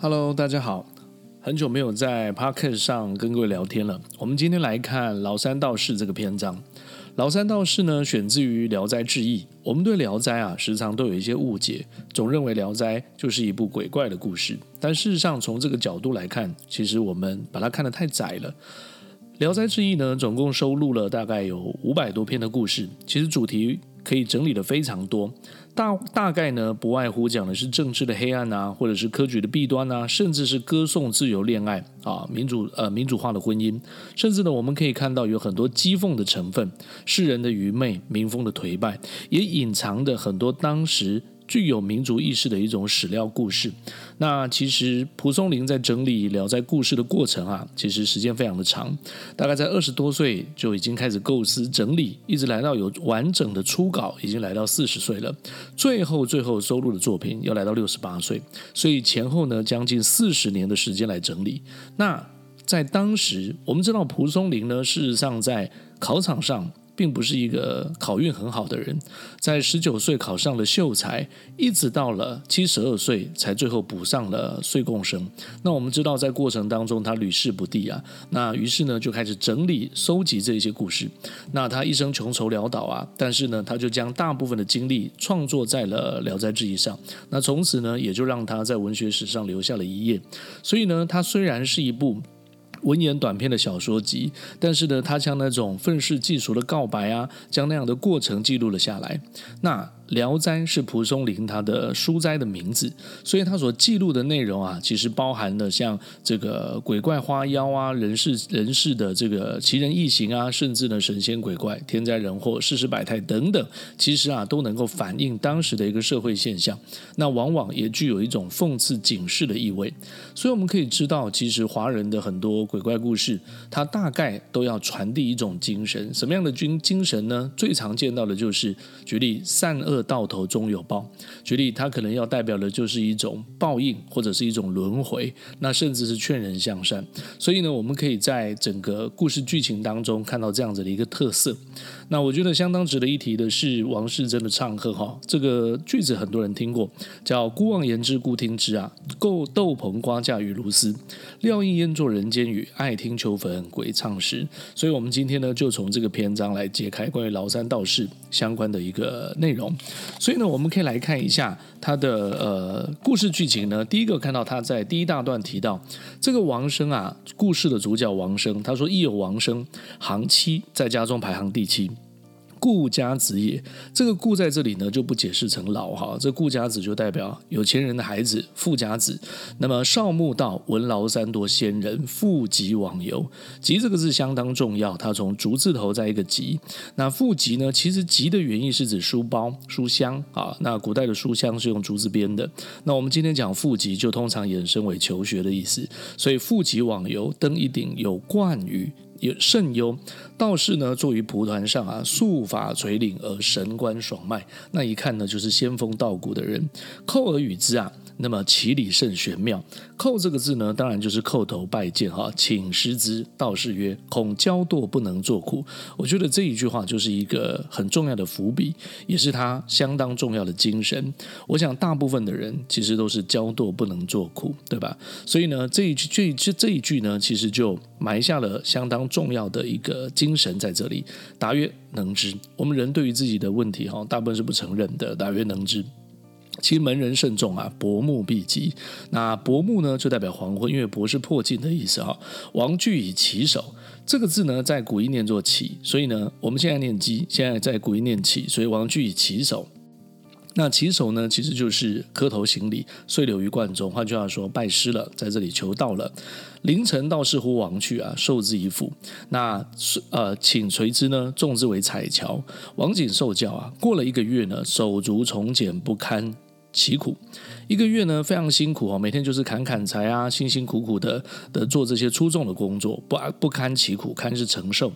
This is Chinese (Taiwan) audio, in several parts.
Hello，大家好，很久沒有在 podcast 上跟各位聊天了。我們今天來看《勞山道士》這個篇章，《勞山道士》呢選自於《聊齋誌異》。我們對聊、啊《聊齋》啊時常都有一些誤解，總認為《聊齋》就是一部鬼怪的故事。但事實上，從這個角度來看，其實我們把它看得太窄了。《聊齋誌異》呢，總共收錄了大概有五百多篇的故事，其實主題，可以整理的非常多，大大概呢，不外乎講的是政治的黑暗啊，或者是科舉的弊端啊，甚至是歌頌自由戀愛啊、民主呃民主化的婚姻，甚至呢我們可以看到有很多譏諷的成分，世人的愚昧、民風的頹敗，也隱藏著很多當時。具有民族意識的一種史料故事。那其實蒲松齡在整理《聊齋》故事的過程啊，其實時間非常的長，大概在二十多歲就已經開始構思整理，一直來到有完整的初稿，已經來到四十歲了。最後最後收錄的作品要來到六十八歲，所以前後呢，將近四十年的時間來整理。那在當時，我們知道蒲松齡呢，事實上在考場上。並不是一個考運很好的人，在十九歲考上了秀才，一直到了七十二歲才最後補上了歲貢生。那我們知道，在過程當中他屢試不第啊，那於是呢就開始整理收集這些故事。那他一生窮愁潦倒啊，但是呢他就將大部分的精力創作在了《聊齋誌異》上。那從此呢也就讓他在文學史上留下了一頁。所以呢，他雖然是一部。文言短篇的小說集，但是呢，他像那種憤世嫉俗的告白啊，將那樣的過程記錄了下來。那。《聊齋》是蒲松齡他的書齋的名字，所以他所記錄的內容啊，其實包含了像這個鬼怪花妖啊、人事人事的這個奇人異行啊，甚至呢神仙鬼怪、天災人禍、世事百態等等，其實啊都能夠反映當時的一個社會現象。那往往也具有一種諷刺警示的意味。所以我們可以知道，其實華人的很多鬼怪故事，他大概都要傳遞一種精神。什麼樣的精精神呢？最常見到的就是，舉例善惡。到頭終有報，舉例，它可能要代表的就是一種報應，或者是一種輪迴，那甚至是勸人向善。所以呢，我們可以在整個故事劇情當中看到這樣子的一個特色。那我覺得相當值得一提的是王士禎的唱和哈，這個句子很多人聽過，叫“姑妄言之，姑聽之啊，構豆棚瓜架雨如絲。料應厭作人間語，愛聽秋墳鬼唱詩。”所以，我們今天呢，就從這個篇章來解開關於嶗山道士相關的一個內容。所以呢，我們可以來看一下他的呃故事劇情呢。第一個看到他在第一大段提到這個王生啊，故事的主角王生，他說：“邑有王生，行七，在家中排行第七。”故家子也，這個故在這裡呢就不解釋成老哈，這故家子就代表有錢人的孩子，富家子。那麼少慕道，聞勞山多仙人，負笈往遊，笈。這個字相當重要，它從竹字頭再一個及。那負笈呢，其實笈的原意是指書包、書箱啊。那古代的書箱是用竹子編的。那我們今天講負笈，就通常延伸為求學的意思。所以負笈往遊，登一頂有觀宇，有觀宇甚幽，道士呢坐於蒲團上啊，素髮垂領而神觀爽邁，那一看呢就是仙風道骨的人。叩而與之啊，那麼其理甚玄妙。叩這個字呢，當然就是叩頭拜見哈，請師之。道士曰：“恐嬌惰不能作苦。”我覺得這一句話就是一個很重要的伏筆，也是他相當重要的精神。我想大部分的人其實都是嬌惰不能作苦，對吧？所以呢，這一句、這、這這一句呢，其實就埋下了相當。重要的一個精神在這裡。答曰：能知。我們人對於自己的問題，哈，大部分是不承認的。答曰：能知。其實門人甚眾啊，薄暮畢集。那薄暮呢，就代表黃昏，因為薄是迫近的意思，哈。王懼以稽首，這個字呢，在古音念作起，所以呢，我們現在念稽，現在在古音念起，所以王懼以稽首。那稽首呢，其實就是磕頭行禮，遂留於觀中。換句話說，拜師了，在這裡求道了。凌晨道士呼王去啊，授之以斧。那呃，請垂之呢，種之為彩橋。王景受教啊，過了一個月呢，手足重繭不堪其苦，一個月呢非常辛苦哦，每天就是砍砍柴啊，辛辛苦苦的的做這些粗重的工作，不不堪其苦，堪是承受。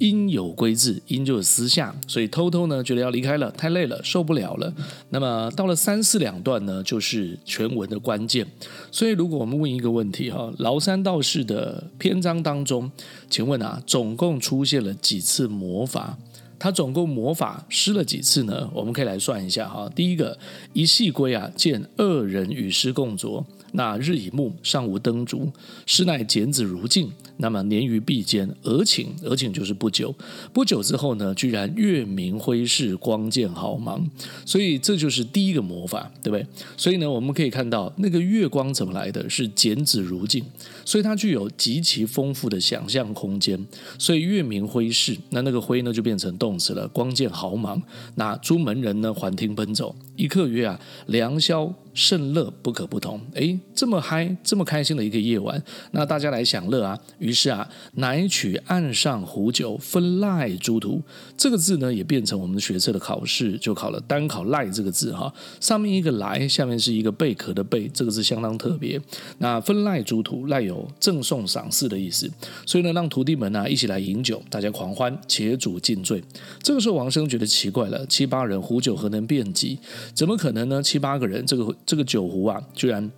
陰有歸志，陰就是私下，所以偷偷呢覺得要離開了，太累了，受不了了。那麼到了三四兩段呢，就是全文的關鍵。所以如果我們問一個問題哈、哦，勞山道士的篇章當中，請問啊，總共出現了幾次魔法？他總共魔法施了幾次呢？我們可以來算一下哈。第一個，一夕歸啊，見二人與師共酌。那日已暮，尚無燈燭，師乃剪紙如鏡。那麼年余壁間，俄頃，俄頃就是不久，不久之後呢，居然月明輝室，光鑒毫芒。所以這就是第一個魔法，對不對？所以呢，我們可以看到那個月光怎麼來的，是剪紙如鏡，所以它具有極其豐富的想象空間。所以月明輝室，那那個輝呢就變成動詞了，光鑒毫芒。那諸門人呢環聽奔走，一客曰啊良宵。勝樂不可不同。誒，這麼嗨，這麼開心的一個夜晚，那大家來享樂啊！於是啊，乃取岸上壺酒分賚諸徒。這個字呢，也變成我們學測的考試，就考了單考賚這個字哈、哦。上面一個來，下面是一個貝殼的貝，這個字相當特別。那分賚諸徒，賚有贈送賞賜的意思，所以呢，讓徒弟們呢、啊、一起來飲酒，大家狂歡，且主盡醉。這個時候王生覺得奇怪了：七八人壺酒何能遍及？怎麼可能呢？七八個人這個。這個酒壺啊，居然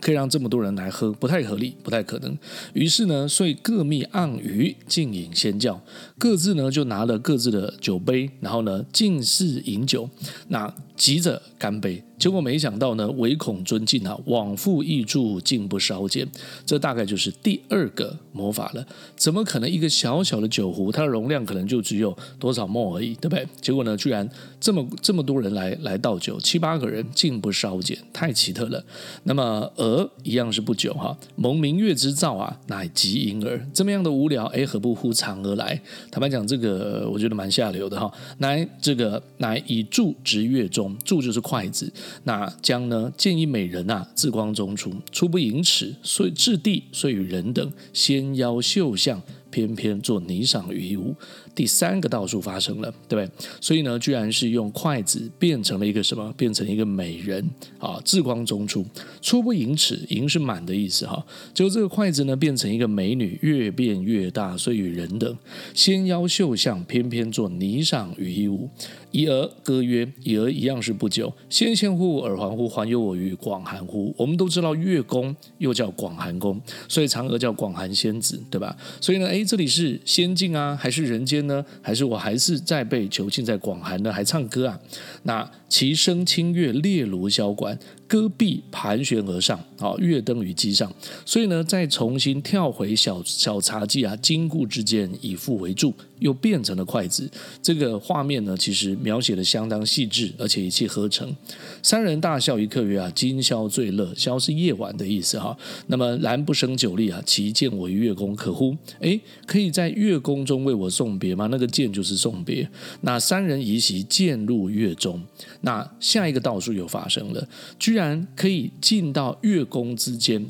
可以讓這麼多人來喝，不太合理，不太可能。於是呢，遂各覓盎盂，競飲先釂。各自呢就拿了各自的酒杯，然後呢，盡是飲酒。那急着乾杯，結果沒想到呢，唯恐樽盡啊，往復挹注，竟不少減。這大概就是第二個魔法了。怎麼可能一個小小的酒壺，它的容量可能就只有多少 ml 而已，對不對？結果呢，居然這麼這麼多人來來倒酒，七八個人竟不少減，太奇特了。那麼鵝一樣是不久哈、啊，蒙明月之照啊，乃極嬰兒這麼樣的無聊，哎，何不呼嫦娥來？坦白講，這個我覺得蠻下流的哈、啊。乃這個乃以箸擲月中。箸就是筷子，那將呢？見一美人啊，自光中出，出不盈尺，所以質地，所以人等，纖腰秀相，偏偏做霓裳羽衣舞。第三個道術發生了，對不對？所以呢，居然是用筷子變成了一個什麼？變成一個美人啊！自光中出，出不盈尺，盈是滿的意思哈、啊。結果這個筷子呢，變成一個美女，越變越大，所以人等，纖腰秀相，偏偏做霓裳羽衣舞。已而歌曰，已而一樣是不久，仙仙乎而環乎，環遊我於廣寒乎。我們都知道月宮又叫廣寒宮，所以嫦娥叫廣寒仙子，對吧？所以呢，誒，這裡是仙境啊，還是人間呢？還是我還是在被囚禁在廣寒呢？還唱歌啊？那。其聲清越，烈如簫管，戈壁盤旋而上，啊、哦，月登於機上。所以呢，再重新跳回小小茶几啊，金固之間以復為柱，又變成了筷子。這個畫面呢，其實描寫的相當細緻，而且一氣呵成。三人大笑，一客曰：“啊，今宵最樂，宵是夜晚的意思哈、哦。那麼，然不勝酒力啊，其餞為月宮可乎？哎，可以在月宮中為我送別嗎？那個餞就是送別。那三人移席，漸入月中。”那下一個道術又發生了，居然可以進到月宮之間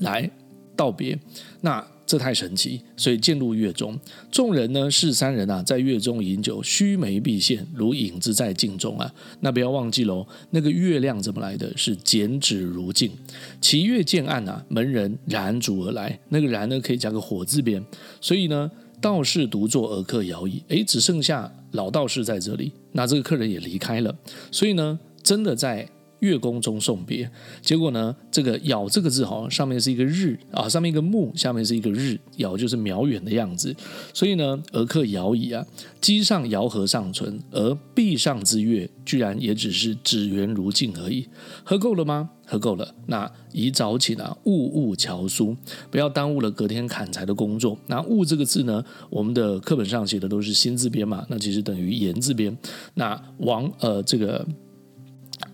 來道別，那這太神奇，所以進入月中，眾人呢是三人啊，在月中飲酒，須眉畢現，如影子在鏡中啊。那不要忘記嘍，那個月亮怎麼來的？是剪紙如鏡，其月漸暗啊，門人燃燭而來，那個燃呢可以加個火字邊，所以呢。道士獨坐，而客杳矣。哎，只剩下老道士在這裡，那這個客人也離開了。所以呢，真的在月宮中送別，結果呢？這個“杳’這個字好像上面是一個日啊，上面一個木，下面是一個日，杳’就是渺遠的樣子。所以呢，而客杳’矣啊，幾上肴核尚存，而壁上之月居然也只是紙圓如鏡而已。喝夠了嗎？喝夠了。那宜早起呢勿誤樵蘇，不要耽誤了隔天砍柴的工作。那“誤”這個字呢，我們的課本上寫的都是心字邊嘛，那其實等於言字邊。那王呃這個。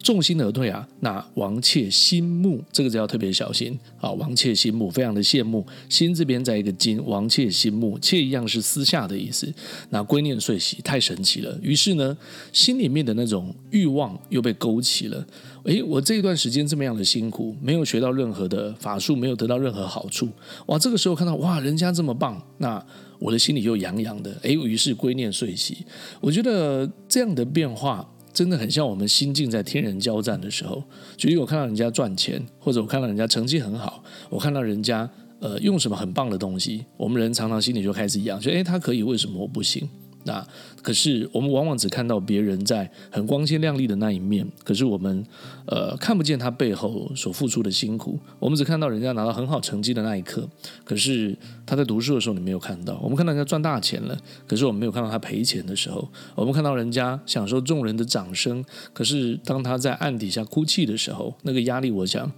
重心而退啊，那王竊忻慕這個就要特別小心啊。王竊忻慕，非常的羨慕。心這邊在一個斤，王竊忻慕，竊一樣是私下的意思。那歸念遂息，太神奇了。於是呢，心裡面的那種慾望又被勾起了。誒，我這一段時間這麼樣的辛苦，沒有學到任何的法術，沒有得到任何好處。哇，這個時候看到哇，人家這麼棒，那我的心裡又癢癢的。誒，於是歸念遂息。我覺得這樣的變化。真的很像我們心境在天人交戰的時候，就因為我看到人家賺錢，或者我看到人家成績很好，我看到人家呃用什麼很棒的東西，我們人常常心裡就開始癢，覺得，誒，他可以，為什麼我不行？那、啊、可是我們往往只看到別人在很光鮮亮麗的那一面，可是我們，呃，看不見他背後所付出的辛苦。我們只看到人家拿到很好成績的那一刻，可是他在讀書的時候你沒有看到。我們看到人家賺大錢了，可是我們沒有看到他賠錢的時候。我們看到人家享受眾人的掌聲，可是當他在暗底下哭泣的時候，那個壓力，我想。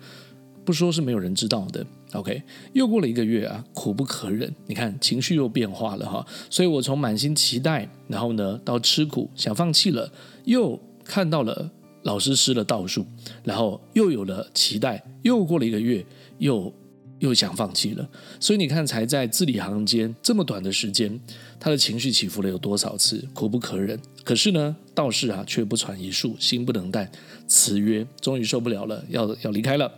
不說是沒有人知道的。OK，又過了一個月啊，苦不可忍。你看情緒又變化了哈，所以我從滿心期待，然後呢到吃苦想放棄了，又看到了老師施了道術，然後又有了期待。又過了一個月，又又想放棄了。所以你看，才在字裡行間這麼短的時間，他的情緒起伏了有多少次？苦不可忍，可是呢，道士啊卻不傳一術，心不能待，辭曰：終於受不了了，要要離開了。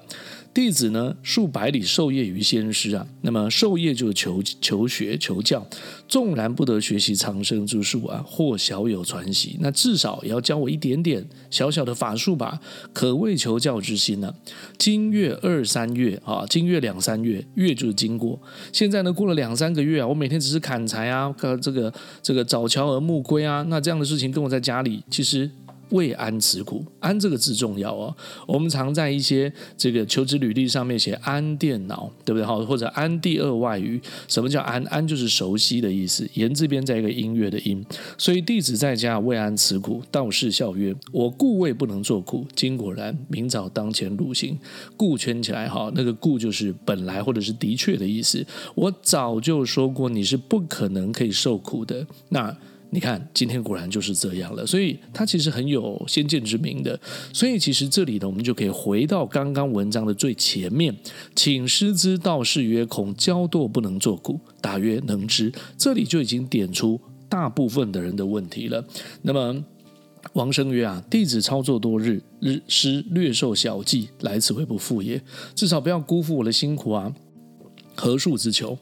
弟子呢，數百里受業於先師啊，那麼受業就是求求學、求教，縱然不得學習長生之術啊，或小有傳習，那至少也要教我一點點小小的法術吧，可謂求教之心呢、啊、今月二三月啊，今月兩三月，月就是經過。現在呢，過了兩三個月啊，我每天只是砍柴啊，這個這個早樵而暮歸啊，那這樣的事情跟我在家裡其實。未諳此苦，安這個字重要哦。我們常在一些這個求職履歷上面寫安電腦，對不對？好，或者安第二外語。什麼叫安？安就是熟悉的意思。言字邊再一個音樂的音，所以弟子在家未諳此苦。道士笑曰：“我故未不能作苦，今果然。明早當前路行，故圈起來哈、哦。那個故就是本來或者是的確的意思。我早就說過，你是不可能可以受苦的。那。”你看，今天果然就是這樣了，所以他其實很有先見之明的。所以其實這裡呢，我們就可以回到剛剛文章的最前面，請師之道士曰：“恐嬌惰不能作苦”。答曰：“能知。”這裡就已經點出大部分的人的問題了。那麼王生曰：“啊，弟子操作多日，日師略授小技，來此為不負也。至少不要辜負我的辛苦啊。”何術之求？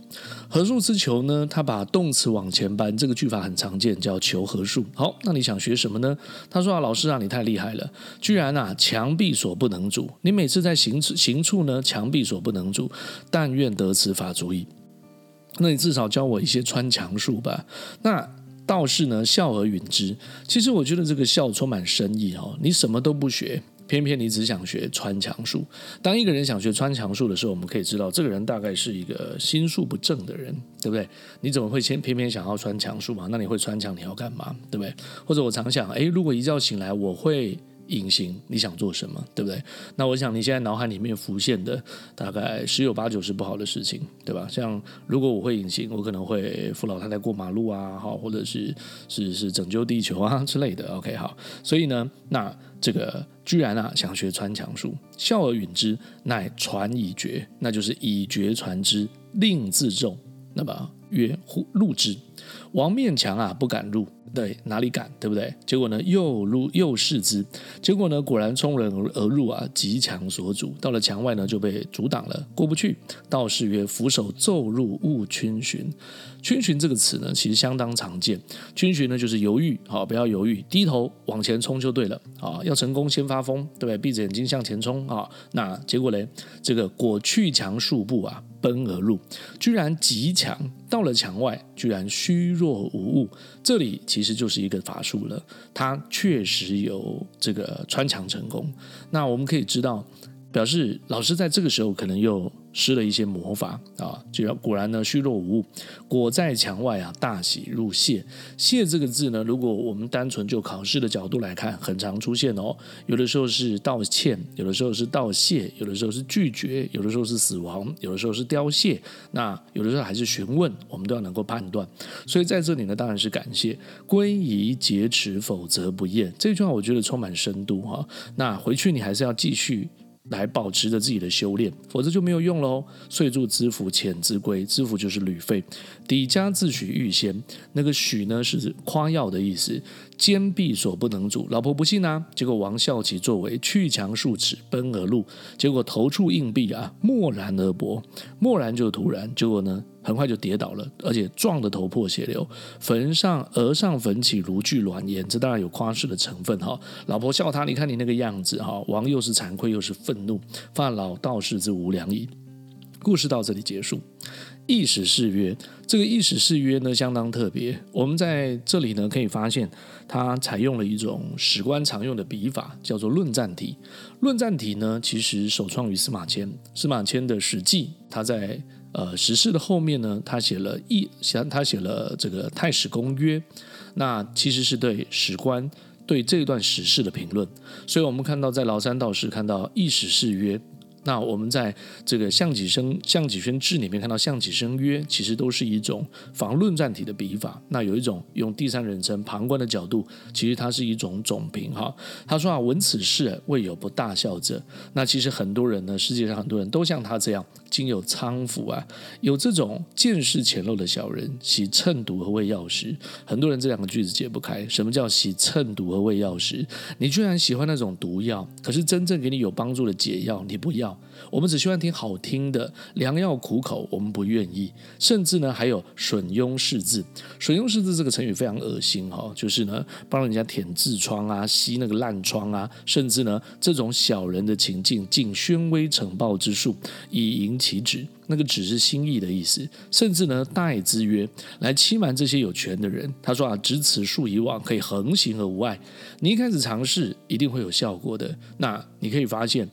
何術之求呢？他把動詞往前搬，這個句法很常見，叫求何術。好，那你想學什麼呢？他說啊，老師啊，你太厲害了，居然啊牆壁所不能住。你每次在行處行處呢，牆壁所不能住。但願得此法足矣。那你至少教我一些穿牆術吧。那道士呢，笑而允之。其實我覺得這個笑充滿深意哦。你什麼都不學。偏偏你只想學穿牆術。當一個人想學穿牆術的時候，我們可以知道這個人大概是一個心術不正的人，對不對？你怎麼會偏偏想要穿牆術嘛？那你會穿牆，你要幹嘛？對不對？或者我常想，哎，如果一覺醒來，我會。隱形，你想做什麼，對不對？那我想你現在腦海裡面浮現的，大概十有八九是不好的事情，對吧？像如果我會隱形，我可能會扶老太太過馬路啊，好，或者是是是拯救地球啊之類的。OK，好，所以呢，那這個居然啊想學穿牆術，笑而允之，乃傳以絕，那就是以絕傳之，令自重。那麼曰入之。王面牆啊，不敢入，對，哪裡敢，對不對？結果呢，又入又視之，結果呢，果然衝人而入啊，及牆所阻，到了牆外呢，就被阻擋了，過不去。道士曰入群：“俯首驟入，勿逡巡。”逡巡這個詞呢，其實相當常見。逡巡呢，就是猶豫，好、哦，不要猶豫，低頭往前衝就對了。啊、哦，要成功先發瘋，對不對？閉着眼睛向前衝啊、哦。那結果呢？這個果去牆數步啊，奔而入，居然及牆，到了牆外，居然。虛若無物，這裡其實就是一個法術了。它確實有這個穿牆成功。那我們可以知道，表示老師在這個時候可能又。施了一些魔法啊，就要果然呢，虛若無物，果在牆外啊，大喜入謝。謝這個字呢，如果我們單純就考試的角度來看，很常出現哦。有的時候是道歉，有的時候是道謝，有的時候是拒絕，有的時候是死亡，有的時候是凋謝。那有的時候還是詢問，我們都要能夠判斷。所以在這裡呢，當然是感謝。歸宜潔持，否則不驗。這句話我覺得充滿深度哈。那回去你還是要繼續來保持着自己的修煉，否則就沒有用了哦。遂助資斧遣之歸，資斧就是旅費。抵家自詡遇仙，那個詡呢，是誇耀的意思。堅壁所不能阻，老婆不信呢、啊。結果王效其作為，去牆數尺，奔而入，結果頭觸硬壁啊，驀然而仆，驀然就突然。結果呢，很快就跌倒了，而且撞得頭破血流，墳上額上墳起如巨卵焉。這當然有誇飾的成分哈、哦。老婆笑他，你看你那個樣子哈、哦。王又是慚愧又是憤怒，犯老道士之無良矣。故事到這裡結束。《異史氏曰》這個《異史氏曰》呢，相當特別。我們在這裡呢，可以發現它採用了一種史官常用的筆法，叫做論贊體。論贊體呢，其實首創於司馬遷。司馬遷的《史記》，他在呃史事的後面呢，他寫了一，他他寫了這個《太史公曰》。那其實是對史官對這段史事的評論。所以，我們看到在勞山道士看到義事《異史氏曰》。那我們在這個《項脊生、項脊軒志》裡面看到《項脊生曰》，其實都是一種仿論贊體的筆法。那有一種用第三人稱旁觀的角度，其實它是一種總評哈。他說啊，聞此事未有不大笑者。那其實很多人呢，世界上很多人都像他這樣，今有傖父啊，有這種見識淺陋的小人，喜疢毒和畏藥石。很多人這兩個句子解不開，什麼叫喜疢毒和畏藥石？你居然喜歡那種毒藥，可是真正給你有幫助的解藥你不要。我們只希望聽好聽的，良藥苦口，我們不願意。甚至呢，還有吮癰舐痔，吮癰舐痔這個成語非常噁心哈、哦。就是呢，幫人家舔痔瘡啊，吸那個爛瘡啊，甚至呢，這種小人的情境，盡宣威逞暴之術，以迎其旨。那個旨是心意的意思。甚至呢，代之曰，來欺瞞這些有權的人。他說啊，只此術以往，可以橫行而無礙。你一開始嘗試，一定會有效果的。那你可以發現。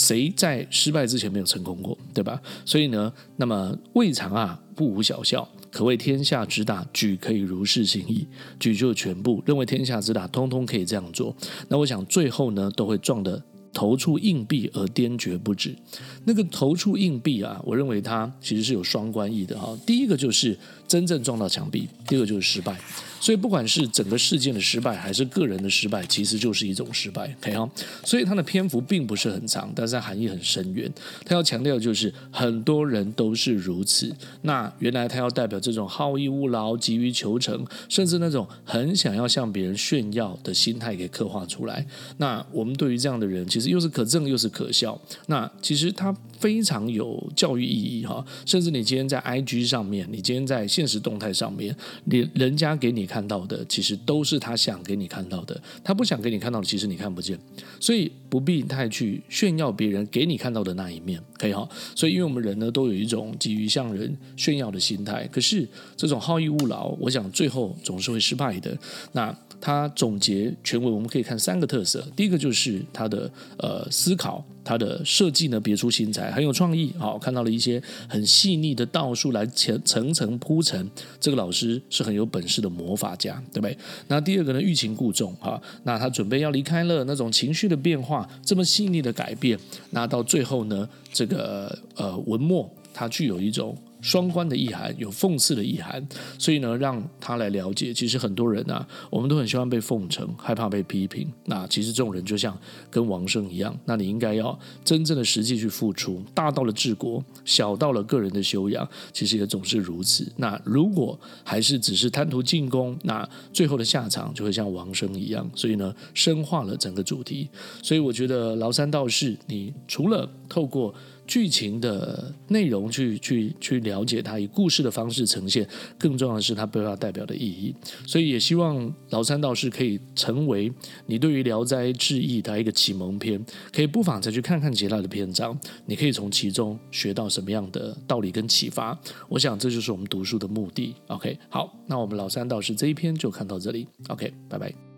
誰在失敗之前沒有成功過，對吧？所以呢，那麼未嘗啊不無小效，可謂天下之大，舉可以如是行矣。舉就全部認為天下之大，通通可以這樣做。那我想最後呢，都會撞得投出硬幣而癲絕不止。那個投出硬幣啊，我認為它其實是有雙關義的哈、哦。第一個就是。真正撞到牆壁，第二個就是失敗。所以不管是整個事件的失敗，還是個人的失敗，其實就是一種失敗。可以哦、所以他的篇幅並不是很長，但是他含義很深遠。他要強調的就是很多人都是如此。那原來他要代表這種好逸惡勞、急於求成，甚至那種很想要向別人炫耀的心態給刻畫出來。那我們對於這樣的人，其實又是可憎又是可笑。那其實他非常有教育意義哈、哦。甚至你今天在 IG 上面，你今天在。現實動態上面，你人家給你看到的，其實都是他想給你看到的；他不想給你看到的，其實你看不見。所以不必太去炫耀別人給你看到的那一面，可以哈、哦。所以，因為我們人呢，都有一種急於向人炫耀的心態。可是，這種好逸惡勞，我想最後總是會失敗的。那。他總結全文，我們可以看三個特色。第一個就是他的呃思考，他的設計呢，別出心裁，很有創意。好、哦，看到了一些很細膩的道術來層層層鋪陳。這個老師是很有本事的魔法家，對不對？那第二個呢，欲擒故縱哈、哦。那他準備要離開了，那種情緒的變化這麼細膩的改變，那到最後呢，這個呃文末它具有一種。雙關的意涵，有諷刺的意涵，所以呢，讓他來了解。其實很多人啊，我們都很希望被奉承，害怕被批評。那其實這種人就像跟王生一樣，那你應該要真正的實際去付出，大到了治國，小到了個人的修養，其實也總是如此。那如果還是只是貪圖進攻，那最後的下場就會像王生一樣。所以呢，深化了整個主題。所以我覺得嶗山道士，你除了透過。劇情的內容去去去了解它，以故事的方式呈現。更重要的是，它背後代表的意義。所以也希望勞山道士可以成為你對於《聊齋志異》它一個啟蒙篇，可以不妨再去看看其他的篇章，你可以從其中學到什麼樣的道理跟啟發。我想這就是我們讀書的目的。OK，好，那我們勞山道士這一篇就看到這裡。OK，拜拜。